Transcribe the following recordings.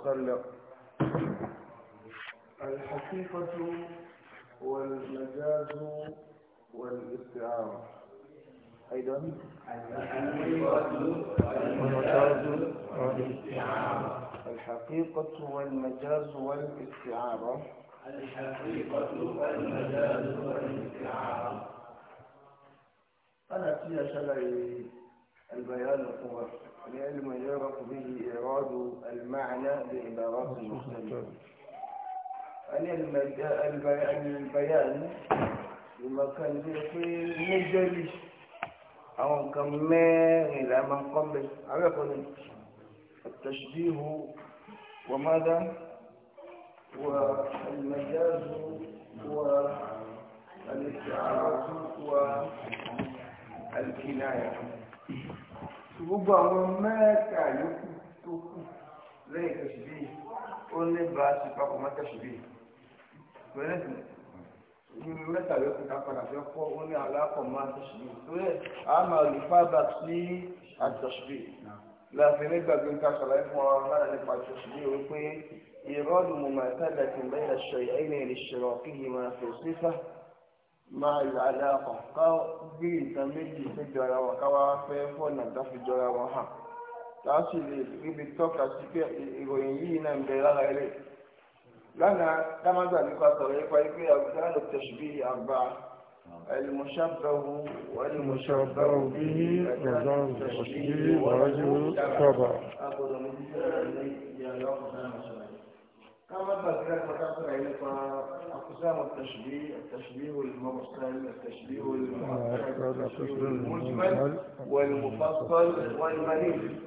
وسلم الحقيقة والمجاز والاستعارة أيضا والمجاز والاستعارة الحقيقة والمجاز والاستعارة الحقيقة والمجاز والاستعارة أنا فيها شلعي البيان القوة لأن ما يعرف به إعراض المعنى بعبارات مختلفة أن البيان لما كان يقول مجلس أو كمان إلى من قبل عرفنا التشبيه وماذا والمجاز والاستعارات والكناية gbogbo àwọn mẹ́ẹ̀ẹ́ta yòókù tó kù lẹ́yìn tẹ̀síbí ó ní bá a ṣe papọ̀ mọ́ tẹ̀síbí pẹ̀lẹ́sì ní mẹ́ta yòókù ká padà fẹ́ kọ́ ó ní aláàpọ̀ mọ́ tẹ̀síbí torí a máa lù fábà sí àtẹ̀síbí láti ní gbàgbé ká sọ̀rọ̀ fún ọ lára nípa tẹ̀síbí wípé ìrọ́dùn mọ̀mọ́ ẹ̀ká máa yọ adáàpọ̀ ká gbé nǹkan méjì tó jọra wọn ká wá fẹ́ fọ̀nà tó fi jọra wọn hàn láti lè ríbi tọ́ka sí pé ìròyìn yìí náà ń bẹ lára ilé lánàá dámágbà nípa sọ̀rọ̀ nípa pé àgùdá lè tẹ̀síbí àgbà المشبه والمشبه به وزن تشبيه ورجل تبع. أما بذكر فتعبر عليه فأقسام التشبيه التشبيه المرسل التشبيه المجمل والمفصل والمليل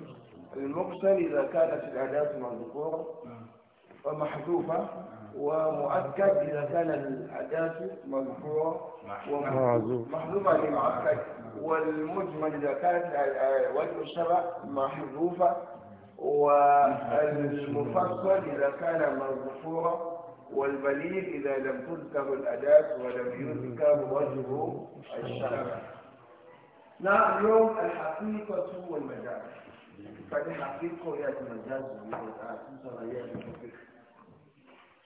المرسل إذا كانت الأداة مذكورة ومحذوفة ومؤكد إذا كان الأداة مذكورة ومحذوفة لمؤكد يعني والمجمل إذا كانت آه، وجه الشبه محذوفة والمفصل إذا كان مغفورا والبليغ إذا لم تذكر الأداة ولم يذكر وجه الشرع نعم يوم الحقيقة والمجاز فالحقيقة هي المجاز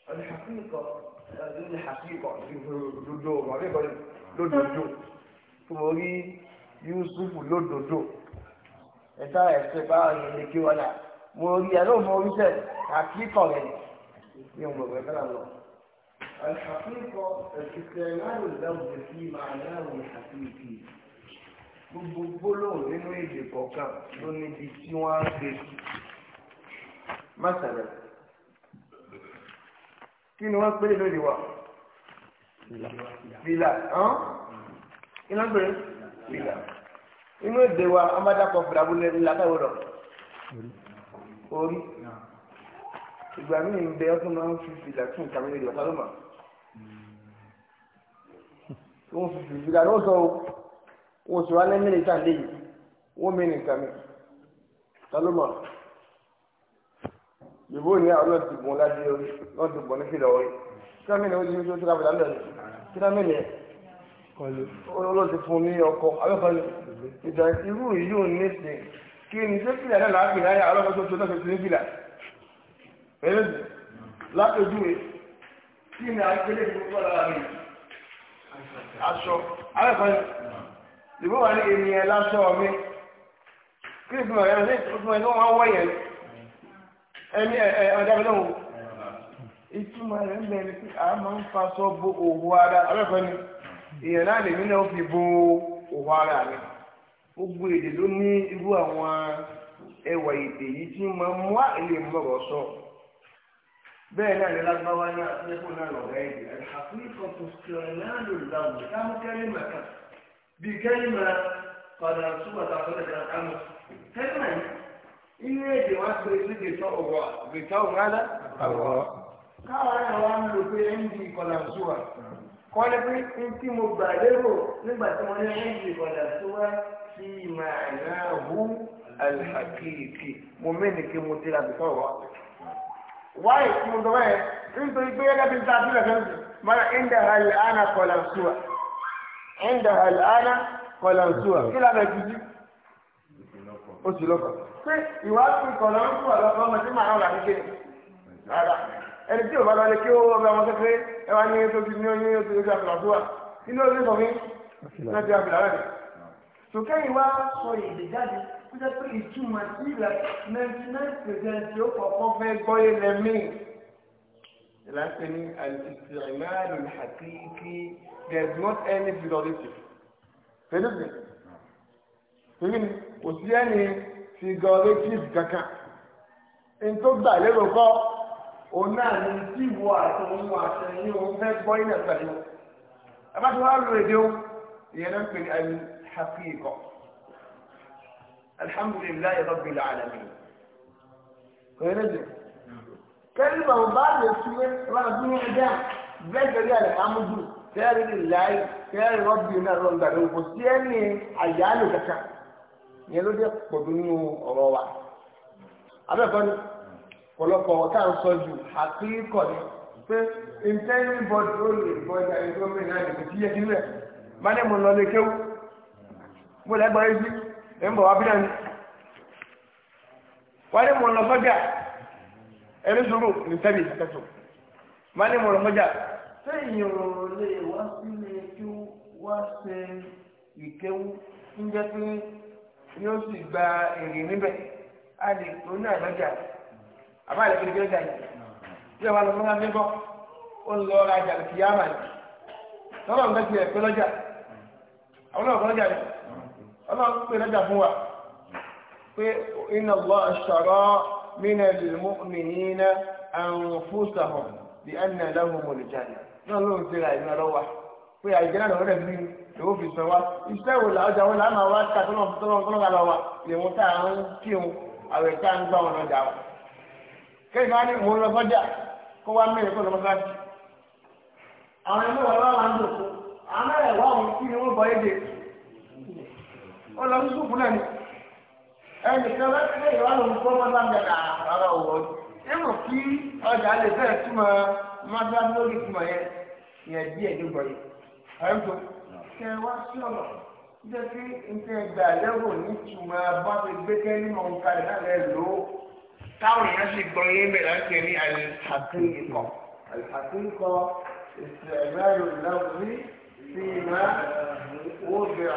الحقيقة هذه الحقيقة في لدودو فوري يوسف lódodo ẹ̀ta ẹ̀sẹ̀ bá ọ̀yẹ̀ lè kí wọlé mo rí ẹ̀ lóun mo rí sẹ̀ àkíkọ̀ rẹ̀ ní ọmọ ìwé fẹ́ràn lọ. الحقيقة الاستعمال اللفظ في معناه الحقيقي gbogbo gbólóhùn nínú èdè kọ̀ọ̀kan ló níbi tí wọ́n á gbé mọ́sàlẹ̀ kí ni wọ́n pè lóde wa fìlà hàn kí ni wọ́n fìlà inú èdè wa amadakọ fìlàbù lẹnu làkàwé rọ orí ìgbà míì ń bẹ ọtún máa ń fi fìlà tún ìkàwé rẹ ọtá ló mà hmm. wọn fi fìlà ló sọ wọn sọ alẹ mẹlẹ tá lẹ́yìn wọn mi nìkan mi ọtá ló mà yòbó ni àwọn ọlọ́ọ̀tì bùn ládé orí ọlọ́ọ̀tì bùn ní fìlà orí kí wọ́n mi ní ojú ojú tó ká fìlà kí wọ́n mi ọlọ́sẹ̀ fún ní ọkọ̀ alọ́kọ̀ọ́lẹ̀ ìjà irú yìí ò ní ṣe kí ni ṣé fìlà náà láàpì láyà alọ́kọ̀ọ́sẹ̀ tó náà ṣe ní fìlà ẹ̀rẹ́ látọ̀júwe kí ni àgbélé ìfowópamọ́ lára mi aṣọ alọ́kọ̀ọ́lẹ̀ ìbú wà ní ènìyàn lásọ mi kí ni ìfúnmọ̀ ẹ̀rọ ní ìfúnmọ̀ ẹ̀rọ wọn wọ̀nyẹn ẹni ọ̀dàbẹ̀lẹ̀ ìtumọ̀ rẹ̀ ń bẹ̀rẹ̀ pé a máa ń fa sọ bo òwò ara alọ́kọ̀ọ́lẹ̀ èèyàn náà lèmi náà fi bo òwò ara mi gbogbo èdè ló ní irú àwọn ẹwà èdè yìí tí máa mú àìlè mọ̀rọ̀ sọ bẹ́ẹ̀ náà ní lágbáwá náà lẹ́kùn náà lọ̀rọ̀ èdè àfihàn tó kẹrin náà ló làwọn káwọn kẹrin màkà bíi kẹrin màá padà túbọ̀ tàbí ẹ̀ka kánú kẹrin màá ilé èdè wa pé lédè tó ọ̀rọ̀ àgbẹ̀ká òun rárá. káwọn ẹ̀rọ wa ń lò pé ẹ̀ ń di kọlà ṣùwà wọ́n lé pé tí mo gbà lérò nígbà tí wọ́n ní méjì ìbọ̀dà tó wá sí màánà hu alhakiki mo mẹ́ni kí mo ti ràbí sọ̀rọ̀ wá. wáyé tí mo dọ̀wọ́ yẹn nítorí pé yẹ́dá bí n ta àbúrò kan sí mara ẹ̀ńdà hàlẹ́ àná kọ̀làǹsùwà ẹ̀ńdà hàlẹ́ àná kọ̀làǹsùwà kí lábẹ́ tuntun ó lọ́kọ̀. pé ìwà pín kọ̀làǹsùwà lọ́kọ̀ ọmọ tí màá rà ẹni tí òun bá lọlé kí ó ọgbà wọn kékeré ẹ wá ní tó ti ní oyún oṣù oṣù àfìlàfúà inú oṣù sọ fún náà ti àfìlà rẹ. sòkèyìn wá sọ èdè jáde kó jẹ́ pé ìtumọ̀ sí ilẹ̀ ninety nine percent ó kọ̀ọ̀kan fẹ́ gbọ́ ilẹ̀ míì. ìlànà pé ní àìsàn hakiki there is not any philosophy. philosophy. philosophy kò sí ẹni figurative kankan. n gbà lérò kọ́ òun náà ní tí ìwọ àti òun àtẹ̀yìn òun fẹ́ gbọ́ ilẹ̀ pẹ̀lú abájọ wa lò èdè o ìyẹn náà ń pè ní ẹni haqiqa alhamdulillahi rabbil alamin kòyẹ́nà jẹ kẹ́lí bàbá bá lè túwé wọn bí wọn dẹ́ bẹ́ẹ̀ gẹ́gẹ́ alhamdu kẹ́rì láì kẹ́rì náà lọ gbàdúrà kò sí ẹni àyálò kankan ìyẹn ló dé pọ̀ nínú ọ̀rọ̀ wa abẹ́ẹ̀kọ́ ni. ọ̀pọ̀lọpọ̀ ọta ń sọ ju àkíkọ̀ ni pé intẹ́ni bọ́dì ó lè bọ́dì àyẹ̀dọ́ mẹ́rin náà lè fi yẹ kí lẹ̀ má ní mo lọ lè kéwú mo lẹ́gbọ́ ẹbí ẹ̀ ń bọ̀ wá náà ni wá ní mo lọ ẹni má ní mo lọ sẹ́yìn lè wá wá ṣe ń jẹ́ pé yóò sì gba èrè níbẹ̀ a lè tó ní àlọ́jà. àbá àlẹ́ kiri kiri gàyè tí a bá lọ fún abébọ́ ó ń lọ rajà lè fi yáma yìí lọ́wọ́ nǹkan ti ẹ̀pẹ́ lọ́jà àwọn náà kọ́ lọ́jà rẹ̀ ọlọ́run pè lọ́jà fún wa pé iná lọ ṣọ̀rọ̀ mínà lèmú mìíràn àrùn fúsàhùn bí ẹnì àdáhùn mọ̀lẹ́jà náà ló ń ṣe ra ìrìn ọlọ́wà pé àìjẹ́ náà lọ́rẹ̀ bí lówó fi sàn wá iṣẹ́ wo làwọn ọjà wọn làwọn máa wá ká tọ́lọ́ tọ́lọ́ tọ́lọ́ ká kẹ́yìn máa ní òun lọ sọ́jà kó wá mẹ́rin kó lọ bá sáàtì. àwọn ẹni wà lọ́wọ́ àwọn àdókò àmọ́ ẹ̀wọ́ àwọn kí ni wọ́n bọ̀ éde. wọ́n lọ sí sùkúù náà ni ẹnì kan lọ́sẹ̀ ìwà lòun kọ́ mọ́tàbí àrà òwò ìmọ̀ kí ọjà lè fẹ́ẹ̀ túmọ̀ mọ́tàbí lórí ìtumọ̀ yẹn yẹn díẹ̀ ní gbọ́ yìí. àyẹ̀kọ́ kẹ́ wá sí ọ̀rọ̀ jẹ́ kí n tẹ́ gbà lẹ́wọ̀ ní ìtumọ̀ bá ti gbé táwọn èèyàn sì gbọ́ yé الحقيقة láti استعمال اللفظ فيما وضع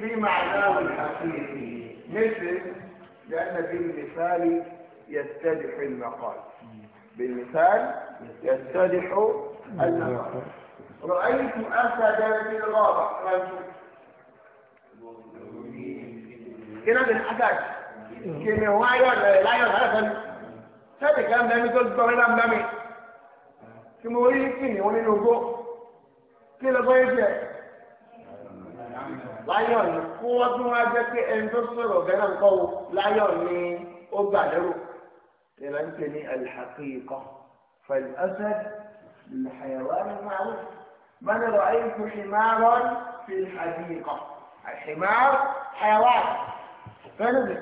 في معناه الحقيقي مثل لأن بالمثال يستدح المقال بالمثال يستدح المقال رأيت أسدا في الغابة كده بالحدث kìnìún wọn ayọ̀ láyọ̀ láyọ̀ fẹ́mi sẹ́ẹ̀dì kan bẹ́ẹ̀ mi tó gbọ́ mi náà bẹ́ẹ̀ mi tí mo rí kìnìún nínú ogbó kí ló fẹ́ jẹ láyọ̀ ni kó wọ́n tún wá jẹ́ pé ẹni tó sọ̀rọ̀ ọ̀gá náà kọ́ wo láyọ̀ ni ó gbà lérò ìlà ń pè ní alḥaqiqa فالأسد من الحيوان المعروف من رأيت حمارا في الحديقة الحمار حيوان fẹ́rẹ̀dẹ̀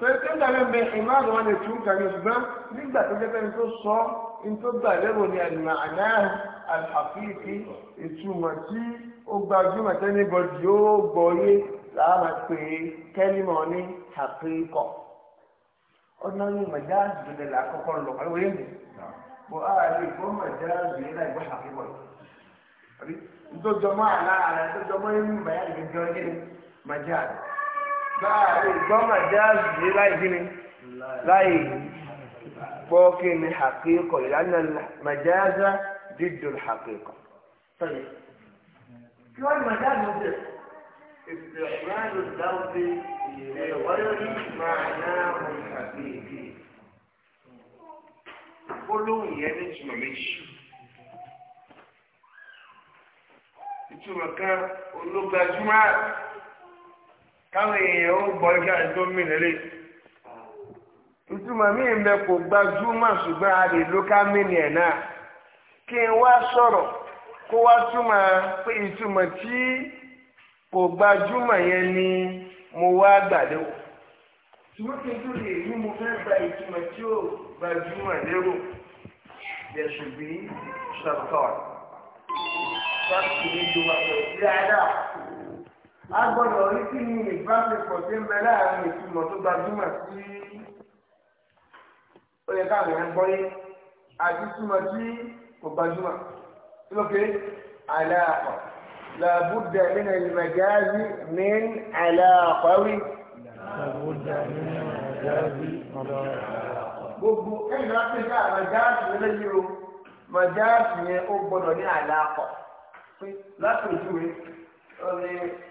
pẹ̀lú hmm. ìdàrẹ́ bẹ ìmáàrún wọn lè tún kàrí ṣùgbọ́n nígbà tó jẹ́ pé tó sọ ní tó gbà lérò ní àná àná àfihàn ìtumọ̀ tí ó gbajúmọ̀ tẹ́ni bọ́dì yóò gbọ́yé láàmà pé kẹ́límọ̀ ní àpékọ̀ ọ̀nà ní màjáàzì tó lè lákọ́kọ́ lọ pẹ̀lú oyè mi bó a lè gbọ́ màjáàzì yẹn láì yìí ntòjọmọ́ àlá بوكي لا حقيقة لأن المجازة ضد الحقيقة طيب شو المجاز استعمال اللفظ لغير معناه الحقيقي كله يدج ممش انتو مكان قلوب لجمعات káwọn èèyàn ó gbọ́ ká ẹjọ́ mìíràn ìtumọ̀ mi ń bẹ kò gbajúmọ̀ ṣùgbọ́n a lè ló ká mìíràn ẹ̀ náà kí n wá sọ̀rọ̀ kó wá túmọ̀ pé ìtumọ̀ tí kò gbajúmọ̀ yẹn ni mo wá gbàdéwò ṣùgbọ́n kí n tó lè rí mo fẹ́ gba ìtumọ̀ tí ó gbajúmọ̀ lérò yẹ̀sùn bí ṣàtọ̀ ṣàtìlẹ́jọ́ àpẹẹrẹ dáadáa a gbọ́dọ̀ rí kí ni ìbáṣepọ̀ tí ń bẹ láàrin ìtumọ̀ tó gbajúmọ̀ sí ó yẹ káwọn èèyàn gbọ́ yé àti túmọ̀ sí kò gbajúmọ̀ tí ló pé àlàáfọ̀ làbúdà nínú ìmọ̀jáàzí ní àlàáfọ̀wí. làbúdà nínú ìmọ̀jáàzí gbogbo ẹ̀yìn láti ṣe àmàjáàsì lélẹ́yìí o màjáàsì yẹn ó gbọ́dọ̀ ní àlàáfọ̀ láti òjúwe ọ̀rẹ́.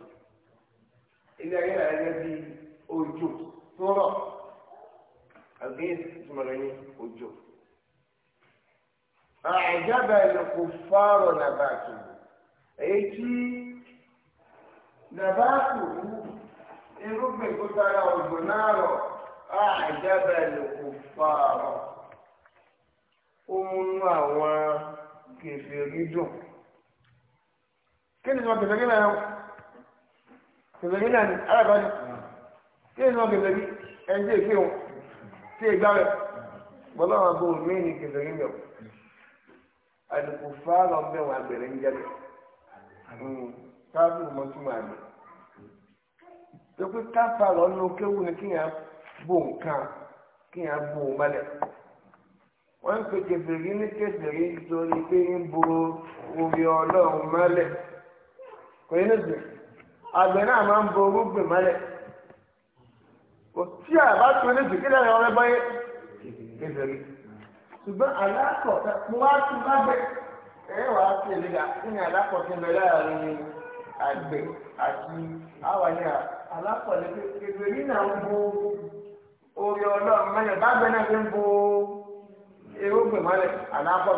ilé ayé náà yẹ bí òjò tó rọ̀ àgbé ìtumọ̀ lọ ní òjò. àìjábà ìlòkù fáàrọ̀ nàbàtù èyí tí nàbàtù irúgbìn tó tara òjò náà rọ̀ àìjábà ìlòkù fáàrọ̀ ó mú àwọn kẹfẹ́ rí dùn. kí ni sọ kẹfẹ́ kí náà bèbèbí náà ni alága ni kí ni wọn bèbèbí ẹni tí èké wọn tí ègbá rẹ bọlá wọn bò mí ni kẹsàn-án bẹ wọn àdùkù fáwọn ọmọ bẹ wọn àgbẹrẹ ń jẹbẹ káfíń mọ túmọ̀ àgbẹ tó pé káfà lọ nínú kéwù ni kíyàn bò nǹkan kíyàn bò ó mọ́lẹ̀ wọ́n ń pe kẹfìrí ní kẹfìrí torí pé ń bo omi ọlọ́run mọ́lẹ̀ kò yín ní sùn. àgbẹ̀ náà máa ń bo orúgbìn mọ́lẹ̀ kò tí àbá tó ní ìdíkílẹ̀ rẹ̀ ọ̀rẹ́ báyé kékeré ṣùgbọ́n alákọ̀ mo wá tún bá gbẹ wà á tẹ̀lé ga kí alákọ̀ tó ń bẹ láàrin àgbẹ̀ àti alákọ̀ bo orí ọlọ́run mọ́lẹ̀ náà fi ń bo mọ́lẹ̀ alákọ̀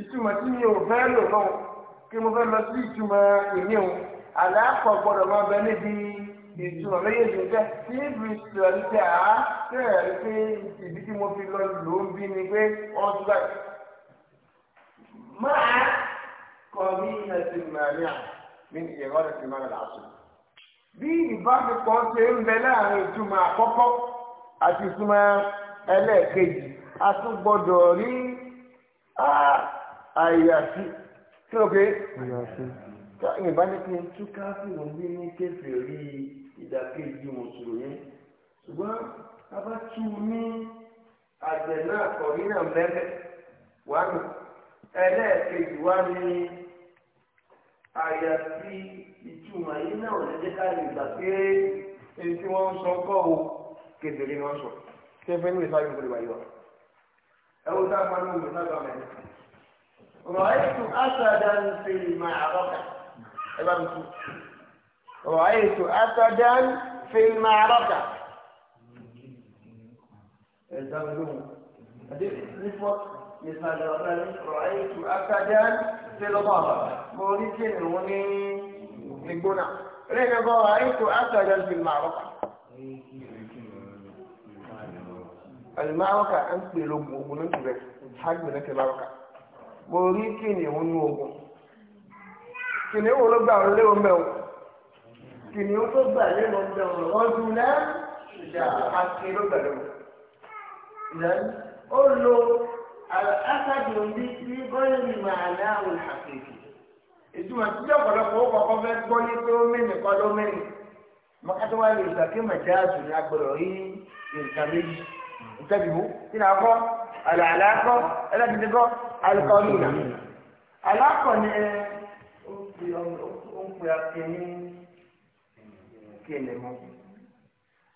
ìtumọ̀ tí mi ò fẹ́ lò kí mo fẹ́ lọ sí àlàkọ̀ gbọ́dọ̀ máa bẹ níbi ìtura méjèèjì jẹ́ tí ibi ìtura ní ti àá bẹ̀rẹ̀ rí pé ìdí tí mo fi lọ lò ó bí ni pé wọ́n ti bá máa kọ ní ẹsẹ̀ mẹ́rin à ní ìyẹ̀rọ ẹsẹ̀ mẹ́rin làásù. bí ìbáṣepọ̀ ṣe ń bẹ láàrin ìtumọ̀ àkọ́kọ́ àti ìtumọ̀ ẹlẹ́ẹ̀kejì a tún gbọ́dọ̀ rí àyàfi àyàfi táwọn ìbánikẹ́ tú káfíìmù bí ní kéfì rí ìdàkejì mùsùlùmí ṣùgbọ́n abátú ní àjẹ̀nà àkọ̀rínà mẹ́lẹ̀ wà nù ẹlẹ́ẹ̀kejì wá ní àyàfi ìtumọ̀ yìí náà lẹ́jẹ́ ká lè pé èyí tí wọ́n ń sọ kọ́ o kedere ni sọ kẹfẹ́ ní ìsáyé ìgbòlè wáyé wa ẹ wo sáà fún mi ní ìgbòlè náà gbà mẹ́rin. رأيت أسدا في المعركة ẹ bá mi tu ọ̀rọ̀ ayé ètò asadan fílmà arọ́kà ẹ dá mi lóhùn àti nífọ̀ ìsàlẹ̀ ọ̀nà ní ọ̀rọ̀ ayé ètò asadan fílmà arọ́kà mo rí kí ni wọ́n ní nígbóná lẹ́yìn ọgbà ọ̀rọ̀ ayé ètò asadan fílmà arọ́kà. Alimaraka an pè lógun ogun ní tìrẹ, hajj ní tìrẹ maraka. Mo rí kí ni òun ní ogun kìnìún wo ló gbà lé wọn bẹ́ẹ̀ o kìnìún tó gbà lé wọn bẹ́ẹ̀ o wọ́n dùn náà ìjà àti ló gbà lé wọn. ó lo akájọ ní ní gọ́ọ̀lì màálà òun àkèké. ìtumọ̀ tí ọ̀pọ̀lọpọ̀ ó kọ́kọ́ fẹ́ gbọ́ ní pé ó mẹ́rin kọ́ ló mẹ́rin mọ́kátó wá lè gbàgbé màjáàtù ní agbọ̀dọ̀ rí nǹkan méjì nǹkan bìbú kí ni kọ́ àlàkọ́ kọ́ alùpàá olùdà alákọ̀ ni ẹ pe ọmọ ó ń pe akéwì kéèlè mọ́.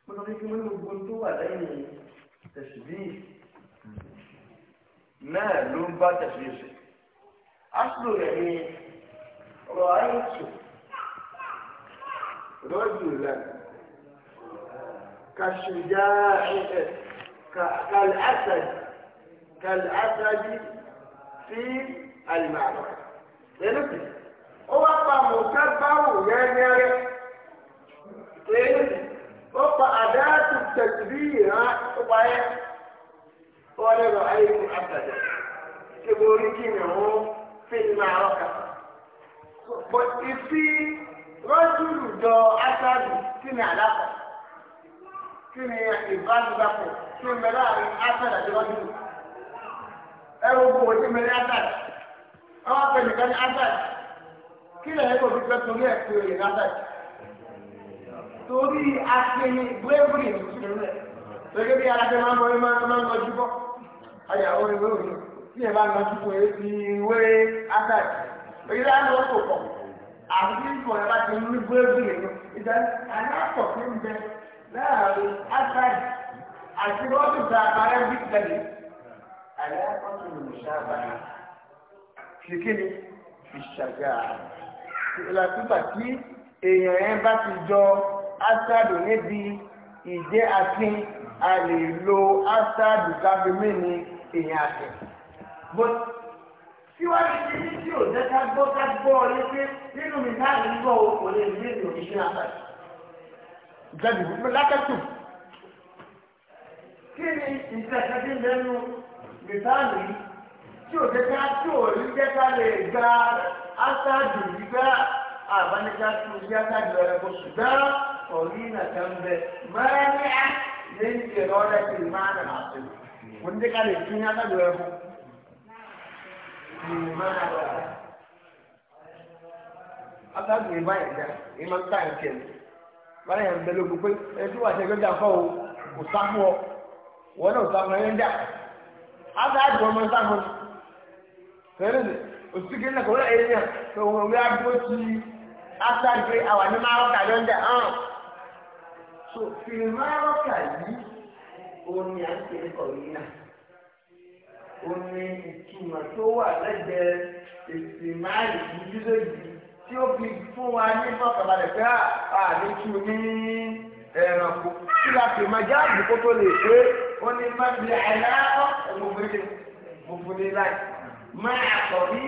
mo sọ pé kí wọ́n gbogbo tó wà lẹ́yìn tẹ̀síbíì náà ló ń bá tẹ̀síbíì sùn. aṣọ rẹ̀ ni ọ̀rọ̀ ayé sùn rọ́jùlá kàṣùjá kàlásàdì kàlásàdì sí àlùmáàlú. lẹ́nu kìí. pa mùtábáwù yẹ́nyẹ́rẹ́ èyí ó pa àdáàtù tẹ̀síbí ìhán ó pa yẹ́ wọ́n lè lọ ayé fún àtàdé ṣé mo rí kí ni wọ́n fi máa ọkà. ìfi rọ́júlù jọ aṣáájú kí ni àdàpọ̀ kí ni ìbánidàpọ̀ kí ni mẹ́lá àárín aṣáájú àti rọ́júlù ẹ̀rọ gbogbo kí ni mẹ́lá aṣáájú ọwọ́ pẹ̀lú kan ní aṣáájú. kí lẹ́yìn kò fi fẹ́ torí ẹ̀ pé òye náà dàjú. torí akéwì wéwìrì ìṣẹ̀lẹ̀ gẹ́gẹ́ bí alájẹ máa ń lọ máa ń lọ jùbọ́ ayàwó rẹ̀ wéwì tí ẹ̀ bá ń lọ jùbọ́ yìí ti wé ádàjú. èyí láti wọ́n kò pọ̀ àti tí ìfọ̀ ẹ̀ bá ti ń ní wéwìrì ní ìjà aláàpọ̀ tó ń bẹ láàrin ádàjú àti rọ́ọ̀dù tá a bá bí tẹ̀lé àyà kọ́tù ìṣàbà kìkìnì ìṣàgà ìlàkúgbà tí èèyàn yẹn bá ti jọ ásádù níbi ìjẹ́ akin a lè lo ásádù kábímì ní èèyàn àtẹ̀. síwájú tí ní tí ò jẹ́ ká gbọ́ ká gbọ́ ọ ní pé nínú mi náà ń gbọ́ o kò lè ní èdè òṣìṣẹ́ àtàkì. jáde ìwé lákàtù kí ni ìṣẹ̀ṣẹ̀ bí lẹ́nu mìtáàlì yìí. tí ò jẹ́ ká tí ò ní jẹ́ ká lè gba ásáàdù gbígbá àbáníká tó ní ásáàdù rẹ̀ kó ṣùgbọ́n ọ̀rí nàkà ń bẹ máa ní á lè ń jẹ lọ́rẹ́ tí ì máa nà àti kò ní ká lè tún ní rẹ̀ kó. Ásáàdù yìí báyìí ìmọ̀ ń tà ń mi. ń bẹ lóko pé ẹtú jà fọ́ o kò sá fún ọ. Wọ́n náà sá fún ń ọmọ sá fún ọ. fẹ́rẹ́ ni òsìkè náà kò lóye yẹn tó wọn wí adúgbò tí after three hours ní márọ́kà ló ń dẹ̀ hàn. Ah. so fi márọ́kà yìí òun ni à ń pè é kọ̀wé náà òun ni ìtumọ̀ tó wà lẹ́gbẹ̀ẹ́ èsì máàlì yìí lójijì tí ó fi fún wa ní fọkànbalẹ̀ pé àdéhùn ah, ní ẹranko kí la fi máa jáàbù kó tó lè pé ó ní má bi àyà ọ̀pọ̀ òfin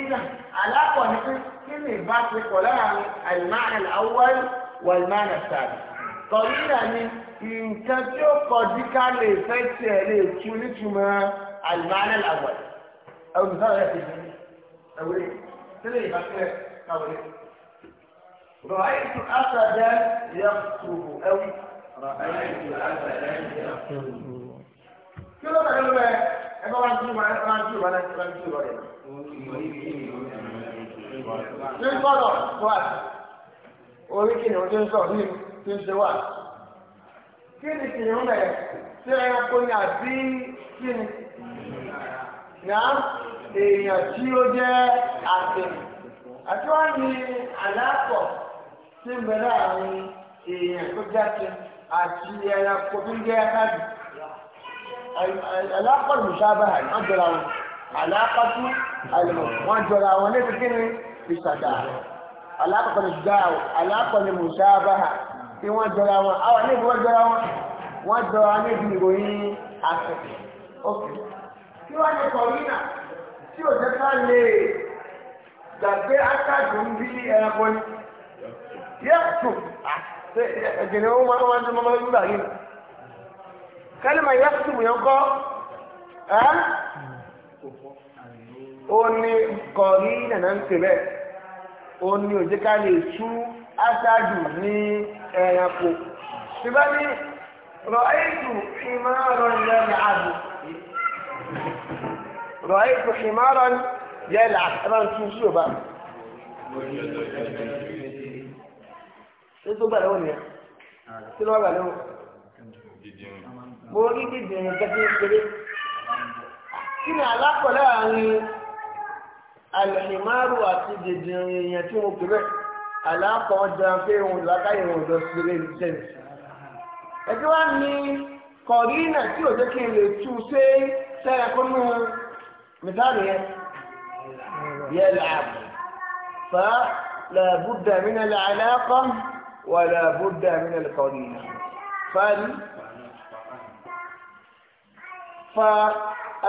reason alákọ̀ọ́ ni pé kí ni ìbáṣepọ̀ láàrin àìmáàlì awọ́lì wà ìmáàlì sàbí. kọ̀lídà ni nǹkan tí ó kọjú ká lè fẹ́ tiẹ̀ lè tu nítumọ̀ àìmáàlì awọ́lì. ẹ̀rù mi sọ̀rọ̀ ẹ̀ ti di ẹ̀wúrẹ́ kí ni ìbáṣepọ̀ káwọ́lẹ́. رأيت أسدا يخطب أو رأيت أسدا يخطب. كيف تعلم؟ أنا ما أنتم ما أنتم ما أنتم ما أنتم ní sọ̀rọ̀ wà orí kìnìún tí ń sọ ní tí ń ṣe wà kí ni kìnìún rẹ̀ tí ẹranko ni àbí kí ni náà èèyàn tí ó jẹ́ àtẹ̀ àti wọ́n ní àlàkọ̀ tí ń bẹ láàrin èèyàn tó jáde àti ẹranko tó ń jẹ́ àkàdì àlàkọ̀ lùsábà àjọra wọn. aláàpàtú àlùmọ̀ wọn jọra àwọn lẹ́sẹ̀ kí ni ìṣàdá aláàpàtú gáàwó aláàpàtú mùsáàbáhà tí wọ́n jọra wọn àwọn níbi wọ́n jọra wọn wọ́n jọra níbi ìròyìn àṣẹ òkè wọ́n ní kọ̀rínà tí ò jẹ́ ká lè gbàgbé ákàtù ń bí ẹranko ni yẹ́tù ẹ̀jẹ̀ni ó máa ń kálí yẹn kọ́ ẹ́. ó ní kọ̀rí nàná ń pè bẹ́ẹ̀ ó ní òjé ká lè tú aṣáájú ní ẹranko tí bá ní rọ̀ẹ́tù ìmọ̀ràn lẹ́nu àbò rọ̀ẹ́tù tún sí òbá ṣé tó gbà lọ́wọ́ nìyẹn tí lọ́wọ́ gbà lọ́wọ́ mo rí dídì ẹ̀yìn kí ni alápọ̀ láàrin alìmáàrù àti jẹjẹrẹ èèyàn tí mo pè bẹ́ẹ̀ alápọ̀ ọjà pé òun làákàyè òun lọ sí ilé ìṣẹ́yìn. ẹ̀jẹ̀ wá ní kọ̀rínà tí ò jẹ́ kí n lè tú ṣe sẹ́yìn kúnnú mìtáàlì yẹn yẹ làbù fa làbúdà mí nà làlákọ́ wà làbúdà mí nà làkọ̀rínà fa fa.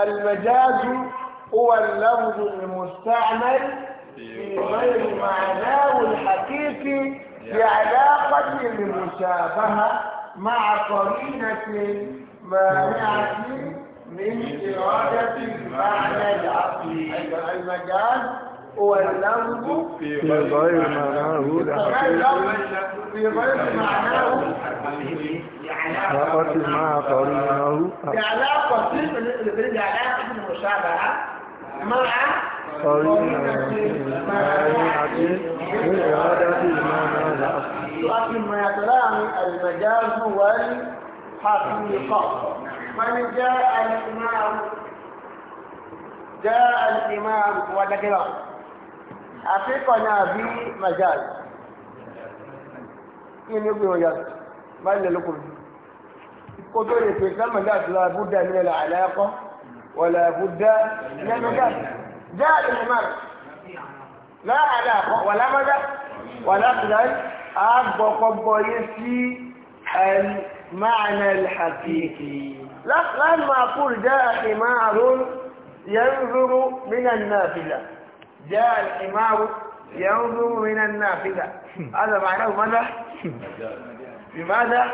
المجاز هو اللفظ المستعمل في غير معناه الحقيقي بعلاقة المشابهة مع قرينة مانعة من إرادة المعنى العقلي المجاز واللفظ في غير معناه في غير معناه علاقة مع قرينه بعلاقة بعلاقة المشابهة مع قرينه من إرادة المعنى الأصلي لكن ما يتلام المجاز والحقيقة من جاء الإمام جاء الإمام ولا كلام àfikọ̀ náà bí majal kí ni ó gbé wọn yà máa ń lè lókun kó tó lè pè sẹ́mọ̀ náà tó la búdà ní ẹ̀la àlàyékọ́ wọ̀là búdà nínú dá dá ìmọ̀ràn náà àdàkọ́ wọ̀là mọ́dá wọ̀là búdà àgbọ̀kọ̀gbọ̀ yé sí المعنى الحقيقي لما أقول جاء حمار ينظر من النافلة جاء الحمار ينظر من النافذة هذا معناه ماذا؟ بماذا؟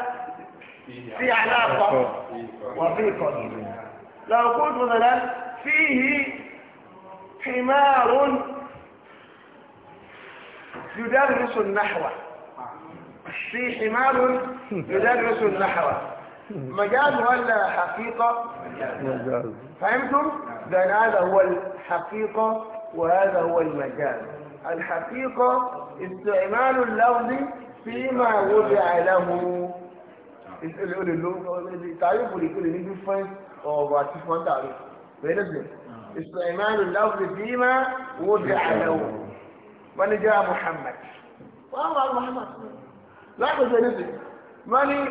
في علاقة وفي لو قلت مثلا فيه حمار يدرس النحو في حمار يدرس النحو مجاز ولا حقيقة؟ مجاز فهمتم؟ لأن هذا هو الحقيقة وهذا هو المكان الحقيقة استعمال اللفظ فيما وضع له تعرفوا لكل أو of different تعريف فهمت استعمال اللفظ فيما وضع له من جاء محمد وأمر على محمد لاحظ يا نزل من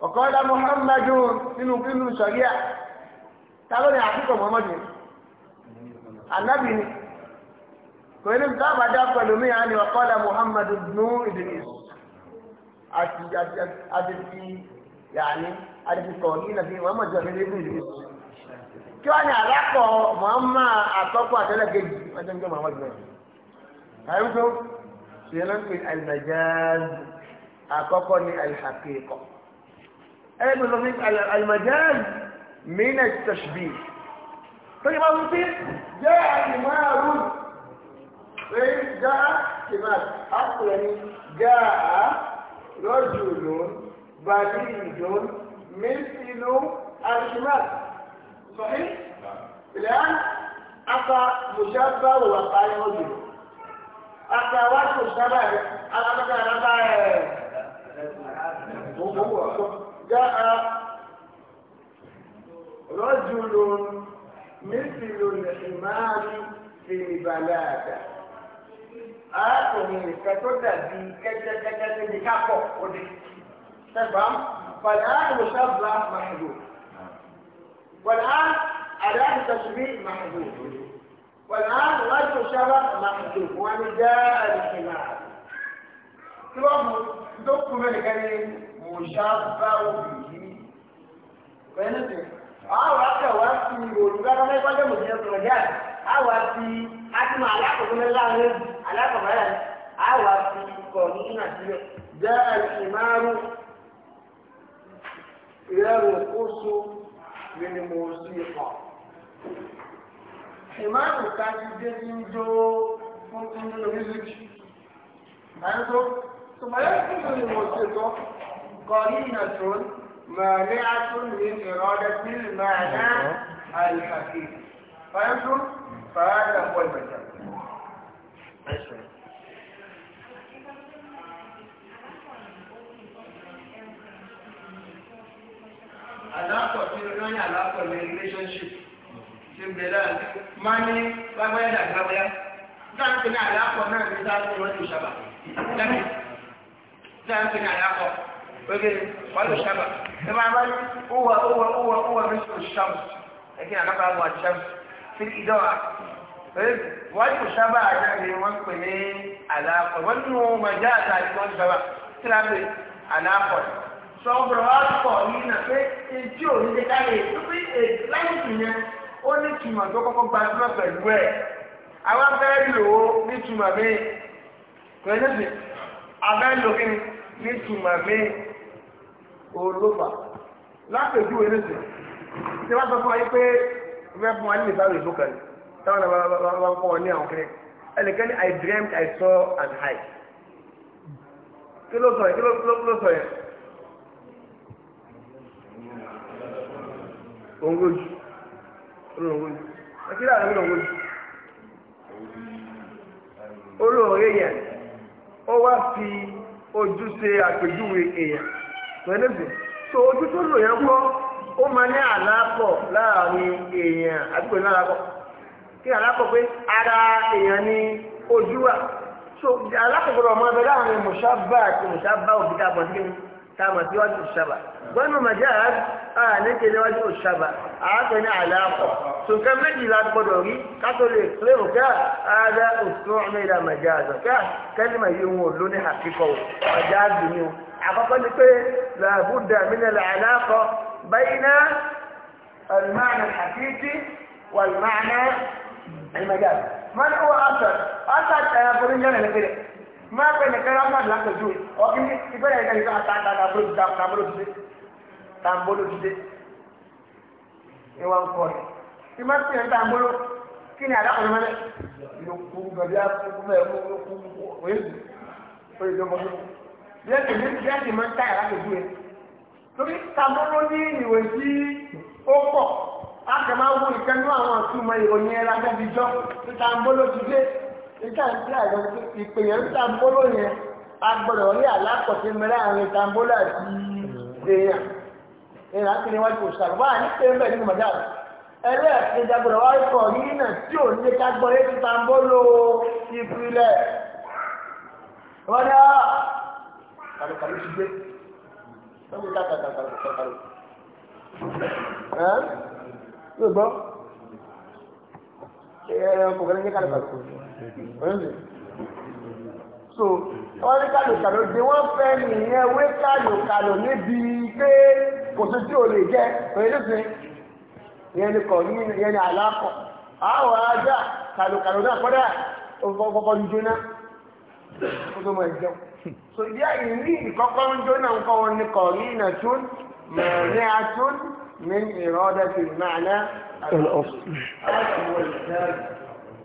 وقال محمد منه كله شريع تعالوا يا حقيقة محمد النبي فإن كتاب أدب فلمي يعني وقال محمد بن إدريس أتي أتي يعني أتي كونين في وما جميل بن إدريس كيف أنا أعرف ماما أتوقع تلا كذي ما جنبي ماما جنبي هاي مسوم سيلان في المجاز أكوني الحقيقة أي مسوم المجاز من التشبيه طيب أقول جاء الإمام فين جاء كمان يعني أصلا جاء رجل بليد مثل الحمار صحيح؟ الآن أتى مشابه وقال رجل أتى واحد مشابه أنا مثلا أتى جاء رجل مثل الحمار في بلاده ní nǹkan tó dàbí kẹ́tẹ́kẹ́tẹ́ tó ní kápọ̀ òde. Ṣẹ̀gbọ́n, bàdà ìwòsàbùlà màṣẹ̀lò. Bàdà àdáàbò tẹ̀sùbí màṣẹ̀lò. Bàdà ìwádìí òṣàbà màṣẹ̀lò. Wọ́n ní já àdìsínà. Tí wọ́n mú dókú mẹ́nìkan ní mùsàbà òbí yìí. Bẹ́ẹ̀ni tẹ̀, àwọn akẹ́wà ti ìròyìn bá wọn lẹ́gbàjẹ́ mùsàbà òbí yìí. Àwọn àti àti màá alákòókò mẹ́ta ní alákòókò mẹ́ta àwa fi kọ̀ ní nàìjíríà jẹ́ àti márùn ìrẹ́rù kóso nínú mo sí ọ̀. ìmáàmù ká ti dé ní jó fún ìdúró mísíkì. àyẹ̀tọ́ tùmọ̀lẹ́ kúrò ní mo ṣe tọ́ kọ̀ ní nàìjíríà مانعة من إرادة المعنى الحقيقي فهمتم؟ فهذا هو المثال. ní àlàáfọ̀ ní relationship ti ń bẹ̀rẹ̀ àti máa ní bábá ẹ̀dá gbábáyá sáàpì ní àlàáfọ̀ náà ní sáàpì wọ́n ti sábà lẹ́mí sáàpì ní àlàáfọ̀ oge wọ́n ti sábà ẹ máa bá ní uwa uwa uwa uwa mi sọ ṣàmù ẹ̀kẹ́ àkàtà àwọn àṣàmù sí ìdọ́wà wọ́n ti sábà àjáde wọ́n pè ní àlàáfọ̀ wọ́n nù màjá àtàlẹ́ wọ́n ti sábà síláàpì àlàáfọ̀ sọ̀rọ̀ wá pọ̀ yìí nà pé etí ò ní ká lè tó pé láìsí yẹn ó ní tùmọ̀ tó kọ́kọ́ gbajúmọ̀ pẹ̀lú ẹ̀ àwọn abẹ́rẹ́ lò ó ní tùmọ̀ mi kò ní abẹ́rẹ́ lò kí ní tùmọ̀ mi olófà lápèjúwe ní sì tí wọ́n sọ fún wa yìí pé fẹ́ fún wa ní ìsáwò ìlú kan táwọn náà bá kọ́ ní àwọn kiri ẹnìkan ní I dreamt I saw and hide kí ló sọ yẹn kí ló sọ yẹn. ongoju olóògoju akíra àná olóògoju olóòrè yẹn ó wá fi ojú ṣe àpèjúwe èèyàn pẹ̀lẹ́bù so ojú tó lò yẹn kọ́ ní àlápọ̀ láàrin èèyàn àdúgbò náà lápọ̀ kí pé ara èèyàn ni ojú so àlápọ̀ gbọdọ̀ máa bẹ láàrin mùsàbá táàmù sí wájú ìṣàbà gbọ́nù majaz a ní kele wájú ìṣàbà àápẹ́ ní àlàáfọ̀ ṣùgbọ́n méjìlá gbọ́dọ̀ rí kátó lè pé òkè ààrẹ òṣùwọ̀n ọ̀nà ìlà majaz ọ̀kẹ́ kẹ́lìmọ̀ yìí wọn ò ló ní àkíkọ̀ majaz ni o àkọ́kọ́ ni pé làbúdà mílẹ̀ àlàáfọ̀ bayna المعنى الحقيقي والمعنى المجاز من هو أسد؟ أسد يقولون جنة الفرق máa pẹ́ nìkan rámbà lápẹ̀jú ọkí ní ìbẹ̀rẹ̀ ìkàlẹ̀ ìkà àtàkàtàbólódìdé tàbólódìdé ìwà ń kọ́ rẹ̀ tí máa pẹ́ nìkan tàbóló kí ni àdákùnrin mẹ́lẹ̀ yòókù gbẹ̀bí akókò mẹ́ẹ̀ mú yòókù òyìnbó òyìnbó mọ́tò lẹ́sìn ní lẹ́sìn máa ń táyà lápẹ̀jú rẹ̀ torí tàbóló ní ìwé tí ó pọ̀ á kẹ́ máa wú ìkẹ́nu àwọn àtúmọ̀ ìròyìn ẹ̀ ìta ń tí àjọ pé ìpè yẹn ń tambóló yẹn a gbọ́dọ̀ rí àlákọ̀tí mẹ́rẹ́ àárín tambóló àti èèyàn èèyàn á ti ní wájú òṣàlù wá ní pé ń bẹ̀ nínú mọ̀dá ẹlẹ́ẹ̀kejì agbọ́dọ̀ wá ikọ̀ yìí náà tí ò ní ká gbọ́ yé ti tambóló ìfilẹ̀ wọ́n ní á ah, kàlùkàlù ti gbé lọ́wọ́ ìta kàlùkàlù kàlùkàlù kò kẹ́lẹ́ ní kálukà lọ. so wọ́n ní kálukà ló dé wọ́n fẹ́ nìyẹn wé kálukà lọ níbi pé kò sí tí o lè jẹ òye ló sìn yẹn ni kọ̀ yẹn ni àlàkọ̀ àwọn ajá kálukà lọ náà kọ́dà kọ́kọ́ ń jóná kó tó máa jẹun. so ìdí àyè ní ìkọ́kọ́ ń jóná nǹkan wọn ni kọ̀ ní ìnà من إرادة المعنى الأصل هو الكتاب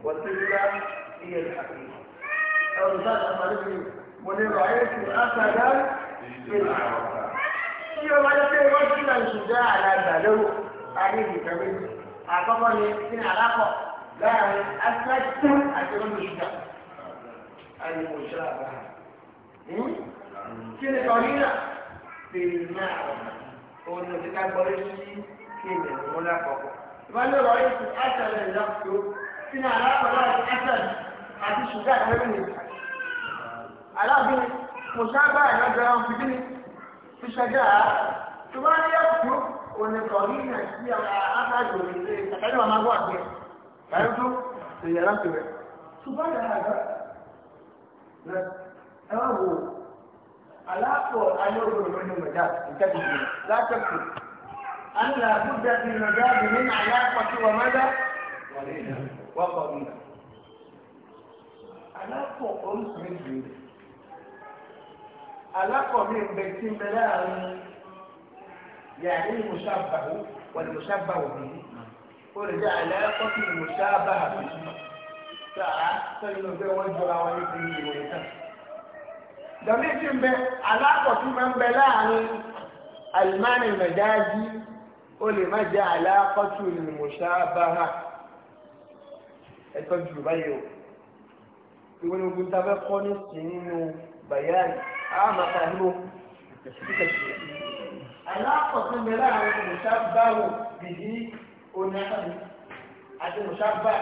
وتلك هي الحقيقة أو ذات خالد من رأيت أسدا في العرب يوم على في رجل الشجاع على بلو عليه كمين أعتبرني من علاقة لا أسد أتمنى الشجاع المشابهة كده إيه؟ قليلة في المعرفة òun ló ti ká gbọ́ lé sí kéèyàn mú lákọ̀ọ́kọ́. ìwádìí ọ̀rọ̀ yìí ti àtàlẹ̀ ìyàpò sínú aláàbọ̀lá àtàlẹ̀ àti ṣùgbọ́n àtàlẹ̀ mi. aláàbí mùsàbà ìyàgbẹ́ wọn fi dín fi ṣẹjá ṣùgbọ́n ní ẹ̀kú onìkọ̀ yìí nà sí àtàjò ìlé àtàjò àmà wà gbé báyìí tó èèyàn láti rẹ̀ ṣùgbọ́n ìyàgbẹ́ ẹ wá alaako ayọwọ lọnà mọdà nǹkan tuntun látọkù anna àbújá ti mọdà bìíní alaako tí wọn mọdà wọn kọ mi alaako oríṣi méjì alaako mi bẹ tí n bẹ láàrin yàrá ìmùsàbàwò wọn ìmùsàbàwò bìíní ó lè jẹ alaako tí ìmùsàbàwò bìíní sọ àá sọ yìí ló bẹ wọn jọra wọn ní ti ní ìwòye kan dàmí ti ń bẹ alákọ̀tún máa ń bẹ láàrin alimani mẹjáàjì ó lè má jẹ alákọ̀tún ní mùsàbáhà ẹ̀tọ́ jù báyìí o ìwé ni ogun tafẹ́ kọ́ ní sí nínú bàyáàrí àmà kàló alákọ̀tún bẹ láàrin mùsàbáhà bìbí onáhàmì àti mùsàbáhà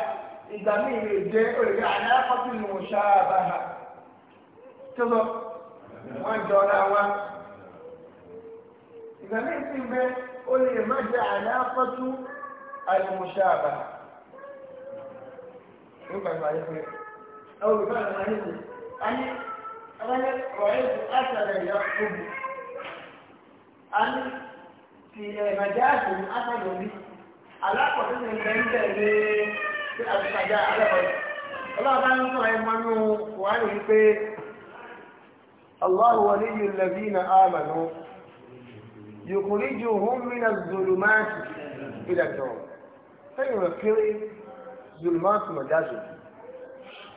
ìgbà míì lè jẹ́ olùgbé alákọ̀tún ní mùsàbáhà tó lọ. wọ́n jọra wa. ìgbà míì sì ń bẹ ó lè má jẹ àlàáfọ́tú àlùmùṣàbà. ó gbàgbọ́ ayé pé àwọn olùkọ́ àwọn ọmọ yìí a ní ọlọ́lẹ́ ọ̀rẹ́ ìlú àtàrà ìyá òbí. a ní tìlẹ̀ ìbàjẹ́ àti àtàrà òbí. alákọ̀ọ́sí ni bẹ́ẹ̀ bẹ́ẹ̀ lé sí àtúntàjà alẹ́ ọlọ́ọ̀bá ń sọ ẹ̀ mọ́nú الله ولي الذين آمنوا يخرجهم من الظلمات إلى النور فيمكن ظلمات مجازة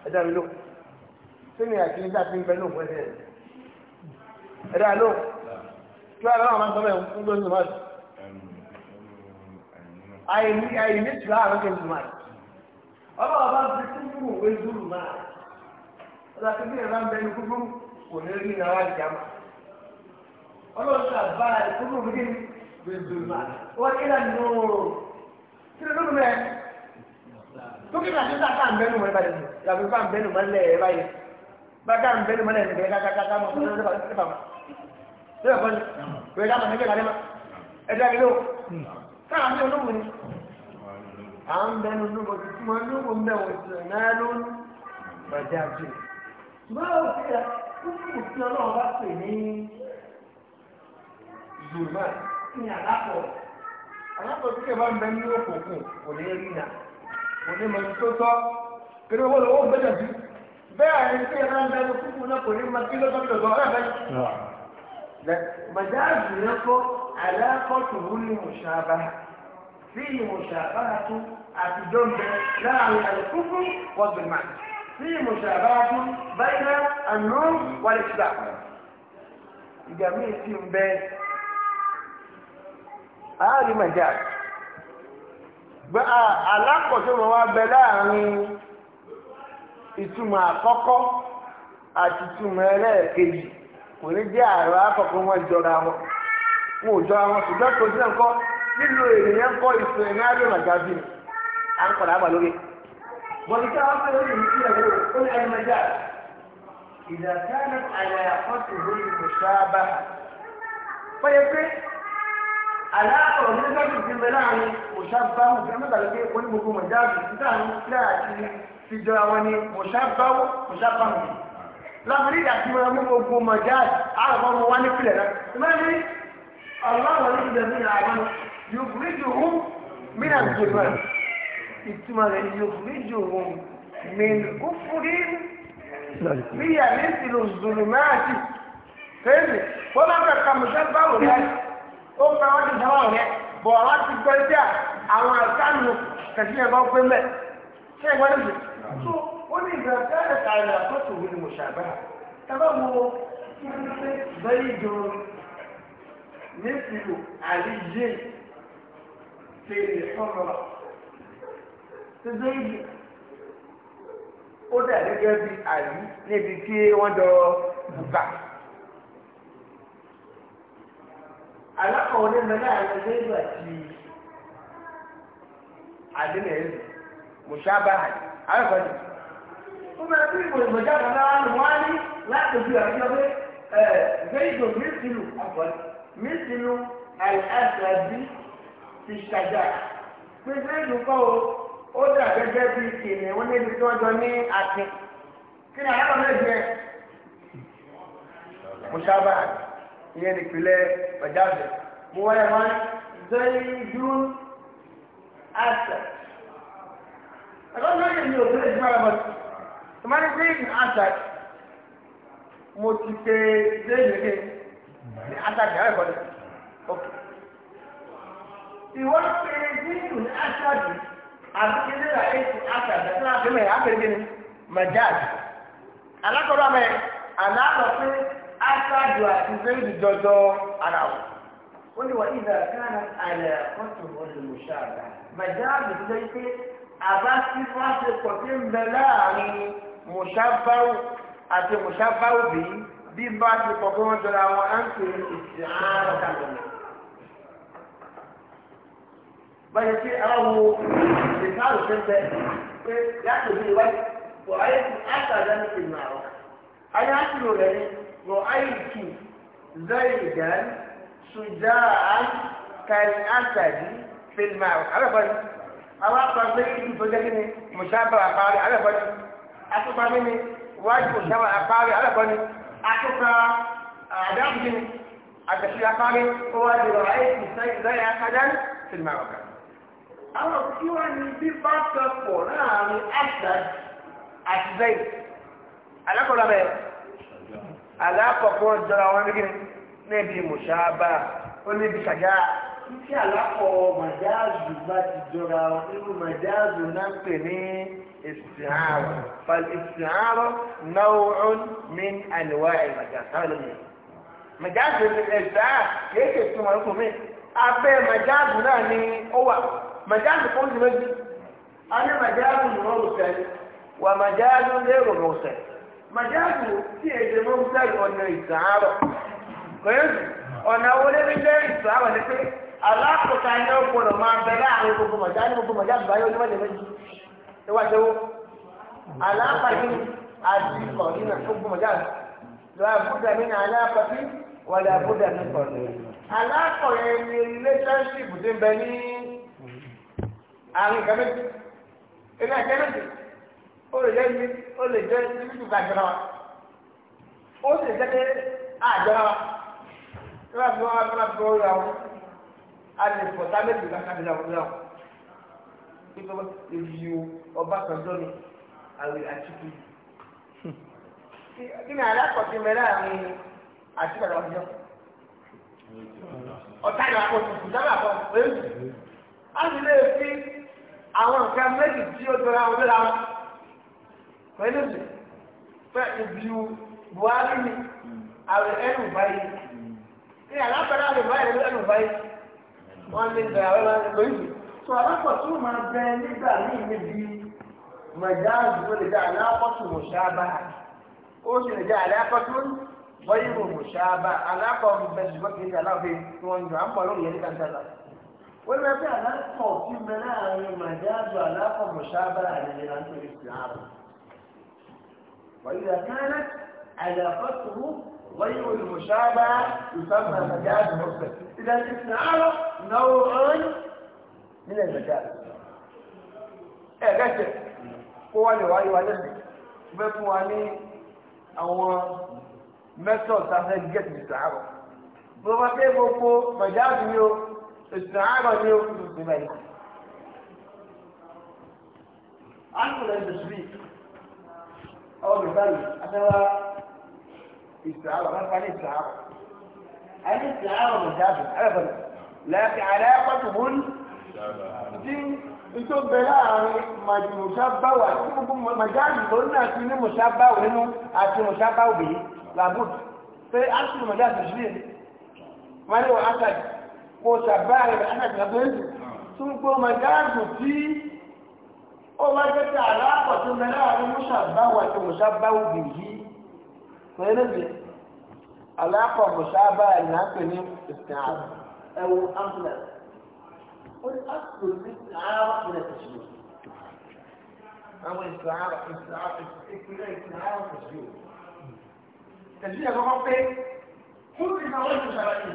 هذا له سمع ذات من بنوه وزين هذا كيف أرى أنا ما أسمعه كل ظلمات أي أي مثل هذا كل ظلمات أما بعض الظلمات ولكن في أمام بين كفر kò ní rí náà wájú jàmá ọlọ́run sọ àbára ìkúrú mi dín gbègbè mà wọ́n ti là nù ú kí ló dúró mẹ́ dókítà tó ta ká nbẹ́nu mọ́ báyìí làbí bá nbẹ́nu mọ́ lẹ̀ báyìí bá ká nbẹ́nu mọ́ lẹ̀ nìkẹ́ kákákáká mọ́ fún ọlọ́run tó fà má tó yẹ kọ́ni wẹ́ẹ́ dá mọ́ nígbà kan ní ma ẹ̀dá mi ló káà mi olóhùn ni à ń bẹnu lóko tí mo lóko ń bẹ̀ wọ̀ sí ẹ̀ náà lónìí bàjẹ́ àjẹ́ báwo ti yà kúrò tí ọlọ́run bá pè ní yorùbá ní àlápọ̀ àlápọ̀ tí kẹ̀ bá ń bẹ ní òkùnkùn kò ní rí nà kò ní mọ tó tọ́ kí ló wọ́n lọ́wọ́ gbẹ́dọ̀ sí bẹ́ẹ̀ ni tí ẹ bá ń bẹ ní òkùnkùn náà kò ní mọ kí ló tọ́ ọ̀rẹ́ bẹ́ẹ̀. màjáàzì yẹn kọ́ àlápọ̀ wúlò mùsàbà sí mùsàbà tó àtijọ́ ń bẹ láàrin àlùkùnkùn wọ́n gbẹ̀máà في مشابهة بين النور والإشباع جميع سين بين هذه مجال بقى علاقة ثم بلاغ ìtumọ̀ àkọ́kọ́ àti ìtumọ̀ ẹlẹ́ẹ̀kejì kò ní jẹ́ àrà àkọ́kọ́ wọn jọra wọn wọn ò jọra wọn ṣùgbọ́n kò sí ẹ̀kọ́ nílò ènìyàn kọ́ ìsìn ní àdéhùn àjábí à ń padà lórí. ولكذا أصلا يقول قل المجال إذا كانت على علاقته المشابهة فيكون علاقة ونجد في بلاني مشابه كما قال لك قل مجال مجاز الإنسان لا في جواني مشابه مشابه لا أريد أن أكون مكو مجاز أعرف أنه واني كلنا ماذا الله ولي الذين آمنوا يخرجهم من الظلمات ìtumọ̀ rẹ̀ yòókùrìjù wọn mẹ́nu kúfúrí bíyà ní ìlú zulumáàtì fẹ́ẹ̀mì wọ́n bá bẹ̀rẹ̀ kàmùsẹ́ báwò rẹ̀ ó ń bá wọn ti dáwọ̀ rẹ̀ bọ̀ wá ti gbọ́ ẹgbẹ́ àwọn àkànnù kẹ̀sí ẹ̀gbọ́n pé mẹ́ ṣé ẹ̀gbọ́n ní sọ ó ní ìgbà sẹ́yìn kàìlà tó tù ni mo ṣàgbà tábà wo kí ni pé bẹ́ẹ̀ dùn ní ìlú àlíyé tèlè fọ́nrán. ti zaidi ó dà gẹ́gẹ́ bí àyí níbi tí wọ́n jọ bùkà. alákọ̀ọ́ ní mẹ́lá àwọn àti àdínẹ̀ẹ́lì mùsábàá àyọ̀kọ́ni. ó bẹ̀rẹ̀ sí ìbò ìbòjáde náà ni wọ́n ní láti ojú àti ọgbẹ́ zaidu mísìlù àkọ́ni mísìlù àìsàbí ti ṣàjà pé zaidu kọ́ o. ó dà gẹ́gẹ́ bíi kìnìún níbi tí wọ́n jọ ní àtìn kí ni àlábà mẹ́rin jẹ́ mùsàbà ìyẹn nìpínlẹ̀ ọ̀jáde mo wáyé wọn zẹ́yìndún àṣà ẹ̀kọ́ tó yẹ mi ò fẹ́ ìdí máa bọ̀ tó máa ní zẹ́yìn àṣà mo ti pe zẹ́yìn ní àṣà kìí àwọn ẹ̀kọ́ ni ìwọ́n pe zẹ́yìn àṣà yìí. àtúnṣe náà èsì àtàdé fún àfihàn yìí àpèrèké ni jọjọ ara wọn. ó ní wọ́n ìdá káàná àlẹ́ kọ́tù olùmọ̀ṣẹ́ àgbà majaj ti sọ pé àbá tí wọ́n pọ̀ sí ń láàrin mùṣàbáwò àti mùṣàbáwò bíi bí bá ti pọ̀ pé wọ́n jọra wọn á ń pè é àárọ̀ kàlọ́ báyìí aláwo بيسمعوا الشيخ ده ياكلوا بيه وجه وعايزين اتى ده انا اكلوا ده رايت زيدا شجاعا كالاسد في المعركه على بالي أنا أقول لك أنت تقول لك أنت مشابه أقاري على بني أتوقع مني واجب مشابه أقاري على بني أتوقع أدام جني أتشير أقاري هو اللي رأيت مستيق زي أخدا في المعركة àwọn tí wọ́n ní bíbá kan pọ̀ láàrin asad àti zayn alákọ̀ọ́lá bẹ́ẹ̀ alákọ̀ọ́kọ́ jọra wọn nígbìn níbi mùsàbà ó níbi ṣàjá títí alákọ̀ màjáàzù bá ti jọra wọn nínú màjáàzù náà ń pè ní ìsìnàrọ̀ fàlìsìnàrọ̀ náwó ní àníwá ìmàjáàzù màjáàzù ní ẹ̀dá tó wọn kò mí abẹ́ màjáàzù náà ni ó wà. مجال قول مجد أنا مجال مرسل ومجال غير مرسل مجال في أجل مرسل أنه يتعارض كيف؟ أنا أولي من ذلك يتعارض لكي alákòókò ayé ọ̀pọ̀lọ̀ máa bẹ láàrin gbogbo mọ̀já ní gbogbo mọ̀já àgbáyé onímọ̀jẹ̀ méjì níwájú owó alápàdé àti kọ̀ọ̀nínà gbogbo mọ̀já lọ àbúdà mí ní alápàdé wàlẹ̀ àbúdà mí kọ̀ọ̀nínà. alákọ̀ọ́yẹ ni relationship ti ń bẹ ní àrùn nǹkan méjì ilé ẹ̀jẹ̀ méjì ó lè jẹ́ ibi ó lè jẹ́ ibi tó ga jọra wa ó sì jẹ́ pé àjọra wa tí wọ́n fi wọ́n fẹ́ fi wọ́n ra wọn a lè pọ̀ tá méjì bá kábi làwọn náà pípẹ́ èyí o ọba kànjọ́ ni àwẹ̀ àti kù kí ni alákọ̀ọ́sí mẹ́rin àárín àti bàtà ọjọ́ ọ̀tá ìlà kò tuntun sábà kọ́ ọ̀pẹ́ àti lè fi àwọn nǹkan méjì tí ó jọra wọn lọ́la wọn pẹ̀lú ìdè fẹ́ ìbíu buhari ni àwọn ẹnu báyìí ní alápẹ̀rẹ̀ àwọn ìbáyìí ẹnu báyìí wọ́n ní ìgbà àwọn ẹnu lóyún tó alápọ̀ tó máa bẹ nígbà míì níbi mọ̀jáàzù ó lè dá alápọ̀ tó mọ̀ ṣáàbà ó sì lè dá alápọ̀ tó wọ́n yìí mọ̀ ṣùgbọ́n kì í wọ́n lọ bí aláǹkọ̀ tí mẹ láàrin màjáàdù aláǹkọ̀ mọ̀ṣábàá àdìyẹ náà ń pè é ìsìláàmù. وإذا كانت علاقته غير المشابهة يسمى مجاز مصدر إذا الاستعارة نوع من المجاز ẹ gẹ́sẹ̀ kó wá lè wáyé wa lẹ́sẹ̀ fẹ́ fún wa ní àwọn mẹ́tọ̀ tá a fẹ́ استعاره ليوقف الزمالك عنده لعيب شبيك هو بيبلغ عشان هو استعاره غلط عليه استعاره عن استعاره انا عارف ابدا لا في علاقه تقول انتوا بلا مشابه وعندكم مجاز قلنا اثنين مشابه وهم اثنين مشابه وبيه لابد في اثنين مجاز شبيه ما هو اثنين kó ṣàbáyé ẹ̀ẹ́dẹ̀gbẹ̀rẹ̀ tún gbó mẹ́gáàgù tí ó wá jẹ́ pé àlápọ̀ tó mẹ́rẹ́ àwọn mọ́ṣàbáwò àti mọ́ṣàbáwò bìyí pẹ̀lẹ́bẹ̀ àlápọ̀ mọ́ṣàbáyé náà pè ní ìsìn àrùn ẹ̀wù ambulan ó ní àpò ní àárọ̀ ìrẹ̀ tẹ̀síwò àwọn ìsìn àrùn ìsìn àrùn ìpínlẹ̀ ìsìn àrùn tẹ̀síwò tẹ̀síwò kọ́kọ́ pé kúrò ìgbà wọ́n ti sàrà yìí.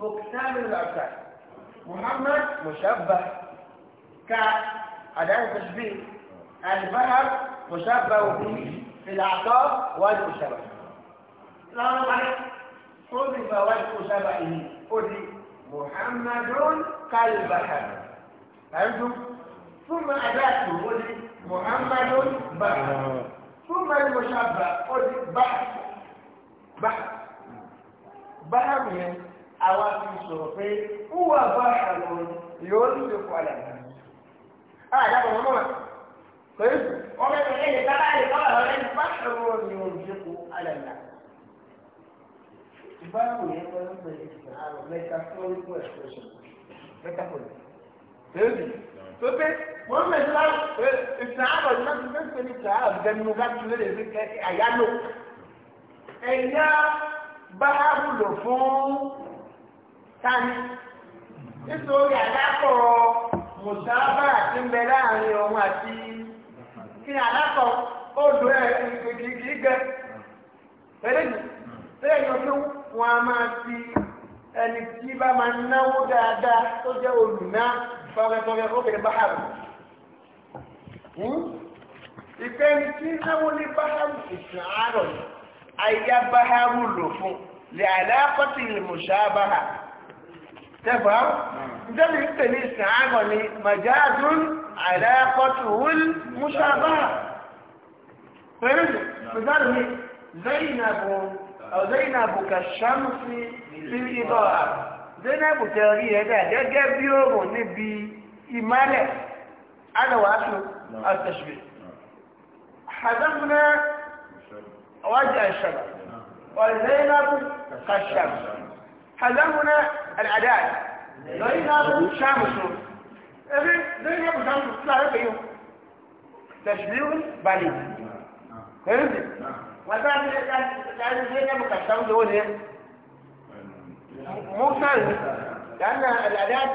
مكتمل الأركان محمد مشبه كأداة تشبيه البهر مشبه به في الأعصاب وجه شبه لا عليه حذف وجه شبهه قل محمد كالبحر فهمتم؟ ثم أداته قل محمد بحر ثم المشبه قل بحر بحر بحر يعني àwa ti sọ̀rọ̀ pé wúwà bá àwọn yóò ní ìlú kọlẹ̀ náà. àdàbọ̀ mọ́ mọ́ pé ọmọ ìpínlẹ̀ lè bábá lè bá ọ̀rọ̀ lẹ́nu bá àwọn yóò ní ìlú kọlẹ̀ náà. ìbáwò yẹn wọ́n ń pè é àrùn mẹ́ta fúlóríkù ẹ̀sọ́sọ̀ mẹ́ta fúlórí. Bẹ́ẹ̀ni, tó pé wọ́n mẹ̀ Ẹ̀yà bá wúlò fún tani nítorí àdápọ̀ mùsàlábà àti ń bẹ láàrin òun àti kí ni ẹ̀ kìkìkì gẹ ọdún wọn a máa fi ẹni tí bá máa náwó dáadáa tó jẹ́ olùná tọ́gẹ́tọ́gẹ́ ó bẹ̀rẹ̀ báhàrù hmm? ìpẹ́ni tí náwó ní báhàrù ìsìn àárọ̀ báhàrù lò fún lè تفهم نعم. ده اللي انت لسه مجاز علاقته المشابهة نعم. فهمت نعم. فدار زينب او زينب كالشمس في الاضاءة زينب تاريه ده ده جاب يوم نبي إمالة انا واصل التشبيه حذفنا وجه الشمس وزينب كالشمس حذفنا العداد لين شامس إيه، لين يابو شامس لا يبيو إيه، إيه. تشبيه بالي فهمت نعم. وذلك لأن زين يابو كشام دول مو سهل لأن الأداة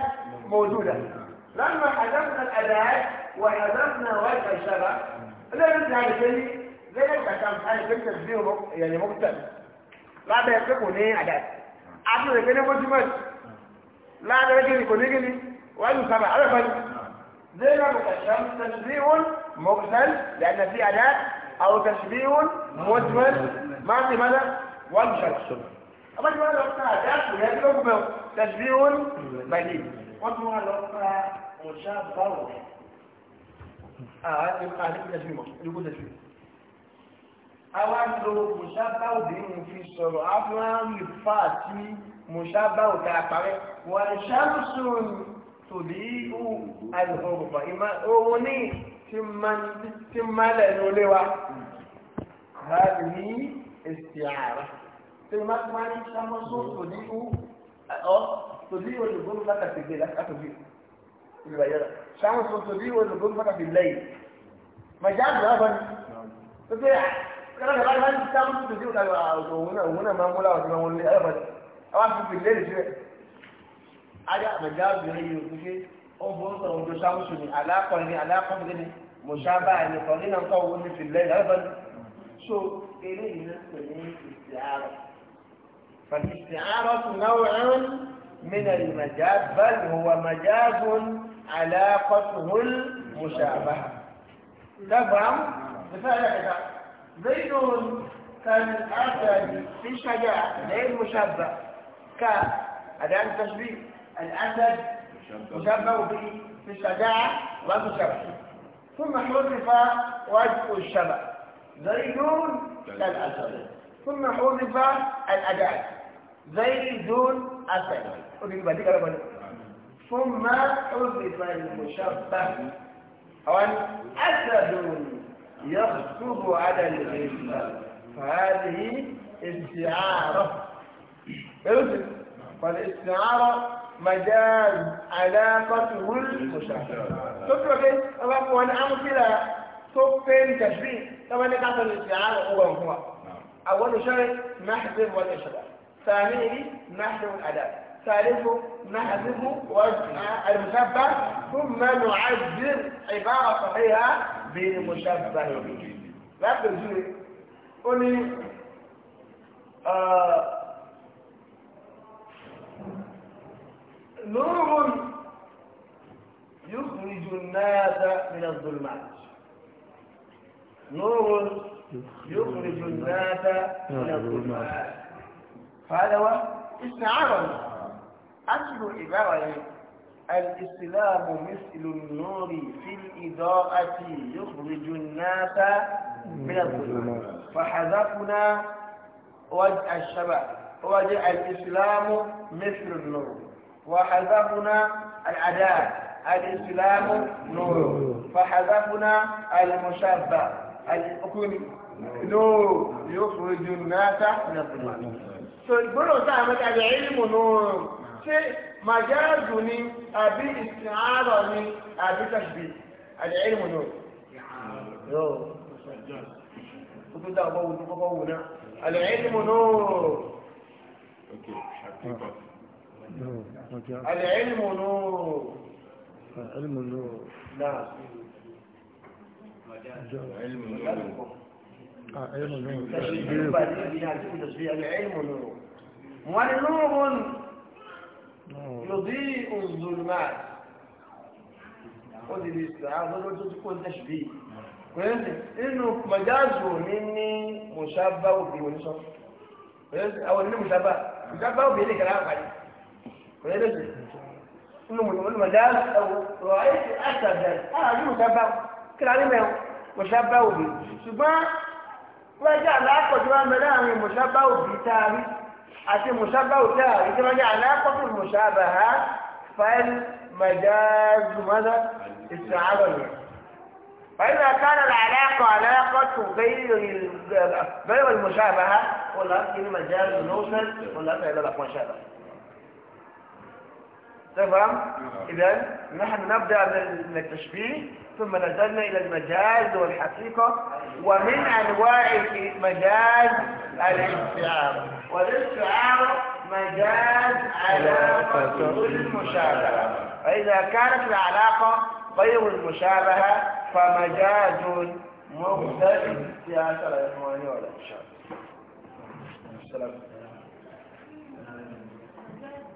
موجودة لما حذفنا الأداة وحذفنا وجه الشبه لا يمكن هذا الشيء زي ما كان هذا الشيء تشبيه يعني مختلف لا بيتكون نعم، ايه أداة عشان كده مجمل láàrin gíní kò ní gíní wọ́n lù sábà àrẹ́fẹ́ زينب الشمس تشبيه مبتل لأن في أداة أو تشبيه مجمل ما في ماذا؟ والشمس أما جمال وقتها أداة ويجب تشبيه بديل وجمع وقتها مشابه آه يبقى عليك تشبيه يقول تشبيه أولا مشابه دين في الصلاة أولا يفاتي mùsàbá ò tà parẹ́ wà ṣàmùsùn tòbí ìhù àlùfọ̀gbọ̀ ìmá owó ní tí mmalẹ̀ ní olé wa hàbí ní ìsìára tí má tí má ní ṣàmùsùn tòbí ìhù ọ tòbí ìhù olùgbòmù lákàtì gbé látòbí ìrìbàyẹ̀rẹ̀ ṣàmùsùn tòbí ìhù olùgbòmù lákàtì lẹ́yìn màjáàbù lábọ́ni tó tẹ́ àkàrà kàrà kàrà ní ṣàmùsùn tòbí ìhù òun náà máa àwọn àfihàn ìlérí sílẹ̀ ayé àmàjá obìnrin yìí kú ṣe ó ń fọwọ́ sọ̀rọ̀ ojú sáwùsù ni aláàkọ́ni ni aláàkọ́ni ni mùsàbà ni kọ́ni náà kọ́ owó ní fìlẹ̀ lọ́dọ̀ọ́dún so eléyìí náà pè ní ìsìárọ̀ fàtí ìsìárọ̀ tún náà wọ́n من المجاز بل هو مجاز علاقته المشابهة تفهم؟ مثال كده زيد كان أسد في الشجاعة غير مشبه أداة التشبيه يعني الأسد مشبه في في الشجاعة ومشبه ثم حرف وجه الشبه زيد كالأسد ثم حرف الاداه زيد أسد ثم حرف المشبه أو أسد يخطب على الغلة فهذه استعارة بلوزي فالاستعارة مجال علاقة المشاهدة تترك ايه؟ طبعا وانا عامل كده صفين تشبيه طبعا لك عطل الاستعارة هو هو أول شيء نحذف والإشراف ثانيه نحذف الأداء ثالثه نحذف وجه المشبه ثم نعبر عبارة صحيحة بالمشبه به لا تجري قولي آه نور يخرج الناس من الظلمات نور يخرج الناس من الظلمات فهذا هو استعارة أصل عبارة الإسلام مثل النور في الإضاءة يخرج الناس من الظلمات فحذفنا وجه الشباب وجه الإسلام مثل النور وحذفنا العداء الإسلام نور فحذفنا المشبه الكل نور يخرج الناس من الظلمات فالبلو تعمل العلم نور شيء مجازني أبي استعارني أبي تشبيه العلم نور نور كنت أبوه العلم نور العلم نور علم النور نعم علم النور علم النور العلم نور ونور يضيء الظلمات خذ الاستعاذة لو تكون تشبيه انه مجازه مني مشابه وفي ونصف او انه مشابه مشابه وبيلي كلام عليه ولا لازم انه المجال او رايت اثر ذلك اه دي مشابه كل عليه مشابه به ṣùgbọ́n wọ́n jẹ́ àlàápọ̀ tí wọ́n mẹ́lẹ́ àwọn ìmọ̀ṣábá òbí táàrí àti ìmọ̀ṣábá òtá àrí tí wọ́n jẹ́ àlàápọ̀ fún ìmọ̀ṣábà ha fáìl mẹ́jáàzùmọ́dá ìsìnàárọ̀ yẹn. فإذا كان العلاقة علاقة غير غير المشابهة ولا في مجال نوصل ولا في مشابهة تفهم؟ إذا نحن نبدأ من التشبيه ثم نزلنا إلى المجاز والحقيقة ومن أنواع مجاز الاستعارة والاستعارة مجاز علاقة المشابهة فإذا كانت العلاقة غير المشابهة فمجاز مختلف سياسة الإخواني والإنشاء السلام